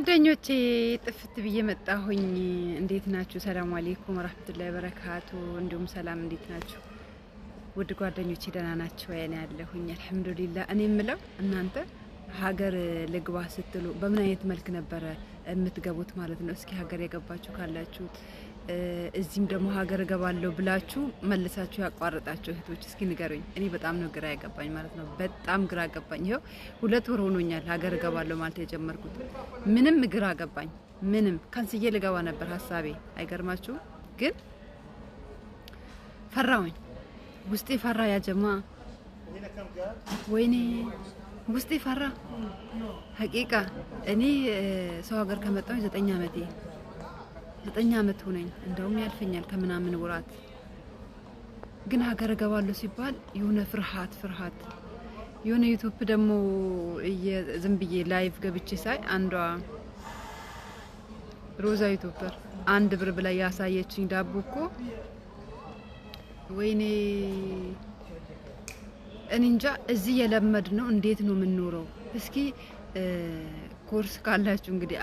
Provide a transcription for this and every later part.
ጓደኞቼ ጥፍት ብዬ መጣሁኝ። እንዴት ናችሁ? ሰላም አሌይኩም ወራህመቱላሂ ወበረካቱ። እንዲሁም ሰላም እንዴት ናችሁ? ውድ ጓደኞቼ ደህና ናችሁ? ያኔ ያለሁኝ አልሐምዱሊላህ። እኔ የምለው እናንተ ሀገር ልግባ ስትሉ በምን አይነት መልክ ነበረ የምትገቡት ማለት ነው? እስኪ ሀገር የገባችሁ ካላችሁ እዚህም ደግሞ ሀገር እገባለሁ ብላችሁ መልሳችሁ ያቋረጣችሁ እህቶች እስኪ ንገሩኝ። እኔ በጣም ነው ግራ ያገባኝ ማለት ነው። በጣም ግራ ገባኝ። ይኸው ሁለት ወር ሆኖኛል ሀገር እገባለሁ ማለት የጀመርኩት። ምንም ግራ ገባኝ። ምንም ከንስዬ ልገባ ነበር ሀሳቤ። አይገርማችሁም? ግን ፈራውኝ። ውስጤ ፈራ ያጀማ። ወይኔ ውስጤ ፈራ። ሀቂቃ እኔ ሰው ሀገር ከመጣሁ ዘጠኝ አመቴ ዘጠኝ አመት ሆነኝ። እንደውም ያልፈኛል ከምናምን ውራት ግን ሀገር እገባለሁ ሲባል የሆነ ፍርሃት ፍርሃት የሆነ ዩቱብ ደግሞ ዝም ብዬ ላይቭ ገብቼ ሳይ አንዷ ሮዛ ዩቱበር አንድ ብር ብላ ያሳየችኝ ዳቦ እኮ ወይኔ እኔ እንጃ እዚህ የለመድ ነው። እንዴት ነው የምንኖረው? እስኪ ኮርስ ካላችሁ እንግዲህ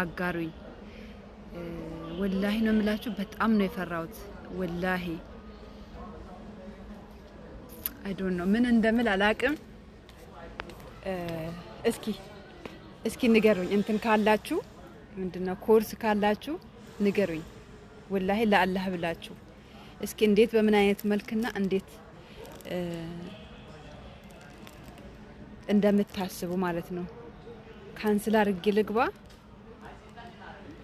አጋሩኝ። ወላሂ ነው የምላችሁ፣ በጣም ነው የፈራሁት። ወላሂ አይ ዶንት ኖ ምን እንደምል አላቅም። እስኪ እስኪ ንገሩኝ፣ እንትን ካላችሁ ምንድነው ኮርስ ካላችሁ ንገሩኝ። ወላሂ ለአላህ ብላችሁ እስኪ እንዴት በምን አይነት መልክና እንዴት እንደምታስቡ ማለት ነው። ካንስል አድርጌ ልግባ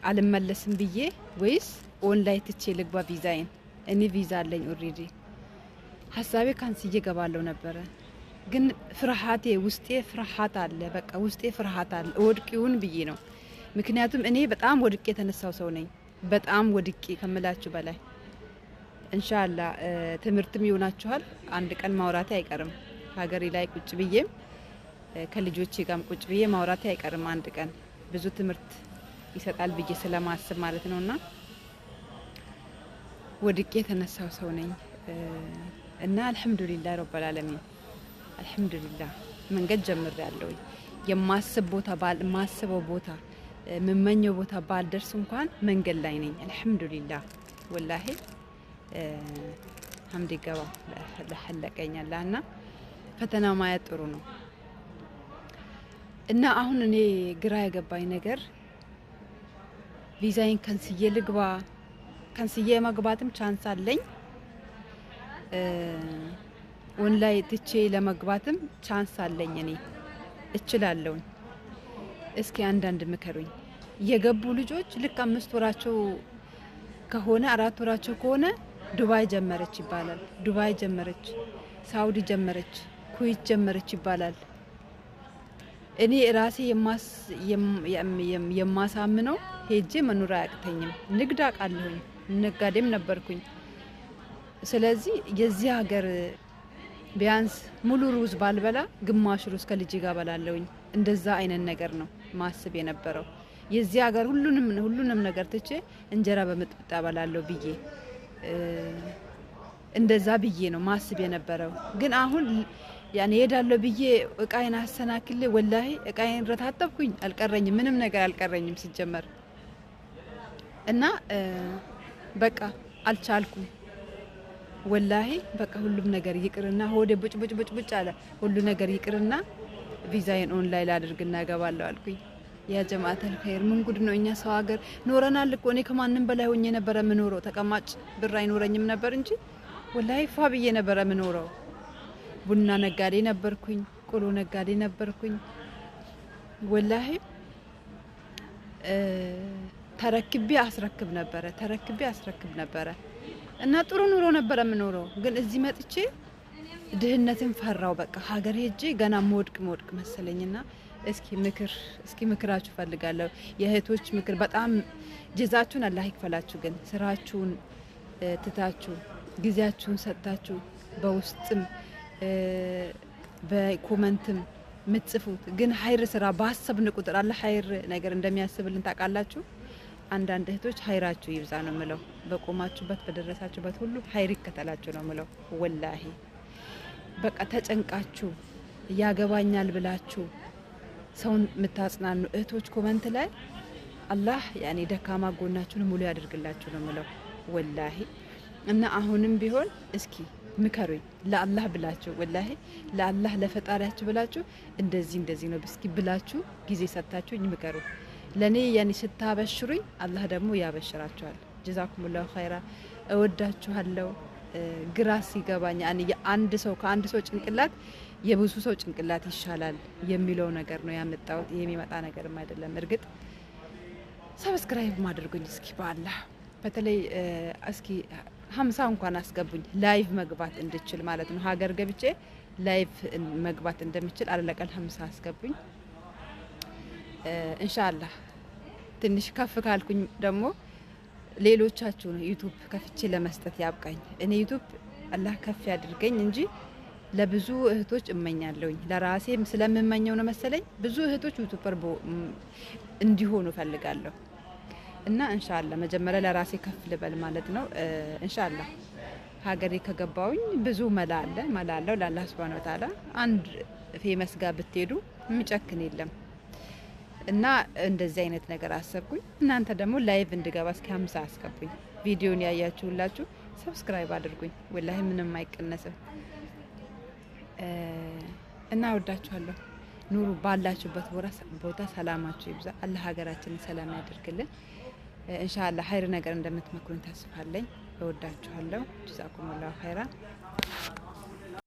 አልመለስም ብዬ ወይስ ኦንላይን ትቼ ልግባ ቪዛዬን? እኔ ቪዛ አለኝ ኦሬዲ። ሀሳቤ ካንስዬ ገባለው ነበረ ግን ፍርሃቴ ውስጤ ፍርሃት አለ። በቃ ውስጤ ፍርሃት አለ ወድቂውን ብዬ ነው። ምክንያቱም እኔ በጣም ወድቄ የተነሳው ሰው ነኝ። በጣም ወድቄ ከምላችሁ በላይ እንሻላ ትምህርትም ይሆናችኋል። አንድ ቀን ማውራቴ አይቀርም። ሀገሬ ላይ ቁጭ ብዬም ከልጆቼ ጋርም ቁጭ ብዬ ማውራቴ አይቀርም። አንድ ቀን ብዙ ትምህርት ይሰጣል ብዬ ስለማስብ ማለት ነውና ወድቄ የተነሳው ሰው ነኝ እና አልሐምዱሊላህ ረብል ዓለሚን መንገድ ጀምር ያለው የማስብ ቦታ ባል ማስበው ቦታ የምመኘው ቦታ ባልደርስ እንኳን መንገድ ላይ ነኝ። አልሐምዱሊላህ ወላሄ። ሀምድ ይገባ ለሐለቀኛላ እና ፈተና ማየት ጥሩ ነው እና አሁን እኔ ግራ የገባኝ ነገር ቪዛይን ከንስዬ ልግባ ከንስዬ መግባትም ቻንስ አለኝ ኦንላይን ትቼ ለመግባትም ቻንስ አለኝ። እኔ እችላለሁኝ። እስኪ አንዳንድ ምከሩኝ። የገቡ ልጆች ልክ አምስት ወራቸው ከሆነ አራት ወራቸው ከሆነ ዱባይ ጀመረች ይባላል። ዱባይ ጀመረች፣ ሳውዲ ጀመረች፣ ኩዌት ጀመረች ይባላል። እኔ ራሴ የማሳምነው ሄጄ መኖር አያቅተኝም። ንግድ አውቃለሁኝ፣ ነጋዴም ነበርኩኝ። ስለዚህ የዚህ ሀገር ቢያንስ ሙሉ ሩዝ ባልበላ ግማሽ ሩዝ ከልጅ ጋር በላለውኝ እንደዛ አይነት ነገር ነው ማስብ የነበረው። የዚህ ሀገር ሁሉንም ሁሉንም ነገር ትቼ እንጀራ በምጥብጣ በላለሁ ብዬ እንደዛ ብዬ ነው ማስብ የነበረው። ግን አሁን ያን እሄዳለሁ ብዬ እቃዬን አሰናክሌ ወላሂ እቃዬን ረታጠብኩኝ አልቀረኝም፣ ምንም ነገር አልቀረኝም ሲጀመር እና በቃ አልቻልኩም ወላሂ በቃ ሁሉም ነገር ይቅርና ሆዴ ቡጭ ቡጭ ቡጭ አለ። ሁሉ ነገር ይቅርና ቪዛዬን ኦንላይን ላድርግና እገባለሁ አልኩኝ። የጀማዓት አልኸይር ምን ጉድ ነው? እኛ ሰው ሀገር ኖረናል እኮ እኔ ከማንም በላይ ሆኜ ነበረ የምኖረው። ተቀማጭ ብር አይኖረኝም ነበር እንጂ ወላሂ ፋ ብዬ ነበረ የምኖረው። ቡና ነጋዴ ነበርኩኝ፣ ቆሎ ነጋዴ ነበርኩኝ። ወላሂ ተረክቤ አስረክብ ነበረ፣ ተረክቤ አስረክብ ነበረ እና ጥሩ ኑሮ ነበረ የምኖረው። ግን እዚህ መጥቼ ድህነትን ፈራው። በቃ ሀገር ሄጄ ገና መወድቅ መወድቅ መሰለኝና እስኪ ምክር እስኪ ምክራችሁ ፈልጋለሁ። የእህቶች ምክር በጣም ጀዛችሁን አላህ ይክፈላችሁ። ግን ስራችሁን ትታችሁ ጊዜያችሁን ሰጥታችሁ በውስጥም በኮመንትም ምጽፉት ግን ሀይር ስራ ባሰብን ቁጥር አለ ሀይር ነገር እንደሚያስብልን ታውቃላችሁ። አንዳንድ እህቶች ሀይራችሁ ይብዛ ነው ምለው። በቆማችሁበት በደረሳችሁበት ሁሉ ሀይር ይከተላችሁ ነው ምለው። ወላሂ በቃ ተጨንቃችሁ ያገባኛል ብላችሁ ሰውን የምታጽናኑ እህቶች ኮመንት ላይ አላህ ያኔ ደካማ ጎናችሁን ሙሉ ያደርግላችሁ ነው ምለው ወላሂ። እና አሁንም ቢሆን እስኪ ምከሩኝ ለአላህ ብላችሁ ወላሂ፣ ለአላህ ለፈጣሪያችሁ ብላችሁ እንደዚህ እንደዚህ ነው እስኪ ብላችሁ ጊዜ ሰጥታችሁኝ ምከሩ። ለእኔ ያኔ ስታበሽሩኝ አላህ ደግሞ ያበሽራችኋል። ጀዛኩሙላሁ ኸይራ። እወዳችኋለሁ። ግራ ሲገባኝ አንድ ሰው ከአንድ ሰው ጭንቅላት የብዙ ሰው ጭንቅላት ይሻላል የሚለው ነገር ነው ያመጣሁት። ይሄ የሚመጣ ነገርም አይደለም። እርግጥ ሰብስክራይብ ማድርጉኝ እስኪ በአላህ በተለይ እስኪ ሀምሳ እንኳን አስገቡኝ ላይቭ መግባት እንድችል ማለት ነው። ሀገር ገብቼ ላይቭ መግባት እንደምችል አለቀል ሀምሳ አስገቡኝ እንሻላህ። ትንሽ ከፍ ካልኩኝ ደግሞ ሌሎቻችሁ ነው ዩቱብ ከፍቼ ለመስጠት ያብቃኝ። እኔ ዩቱብ አላህ ከፍ ያድርገኝ እንጂ ለብዙ እህቶች እመኛለሁኝ። ለራሴ ስለምመኘው ነው መሰለኝ ብዙ እህቶች ዩቱበር እንዲሆኑ እፈልጋለሁ። እና እንሻላ መጀመሪያ ለራሴ ከፍ ልበል ማለት ነው። እንሻላ ሀገሬ ከገባውኝ ብዙ መላ አለ መላ አለው ለአላህ ስብሃነ ወተዓላ። አንድ ፌመስ ጋር ብትሄዱ የሚጨክን የለም። እና እንደዚህ አይነት ነገር አሰብኩኝ። እናንተ ደግሞ ላይቭ እንድገባ እስኪ ሀምሳ አስገቡኝ። ቪዲዮን ያያችሁላችሁ ሰብስክራይብ አድርጉኝ። ወላሂ ምንም አይቀነስም እና ወዳችኋለሁ። ኑሩ ባላችሁበት ቦታ ሰላማችሁ ይብዛ። አላህ ሀገራችንን ሰላም ያደርግልን። እንሻላ ሀይር ነገር እንደምትመክሩኝ ተስፋለኝ። አለኝ። እወዳችኋለሁ። ጅዛኩሙላሁ ኸይራ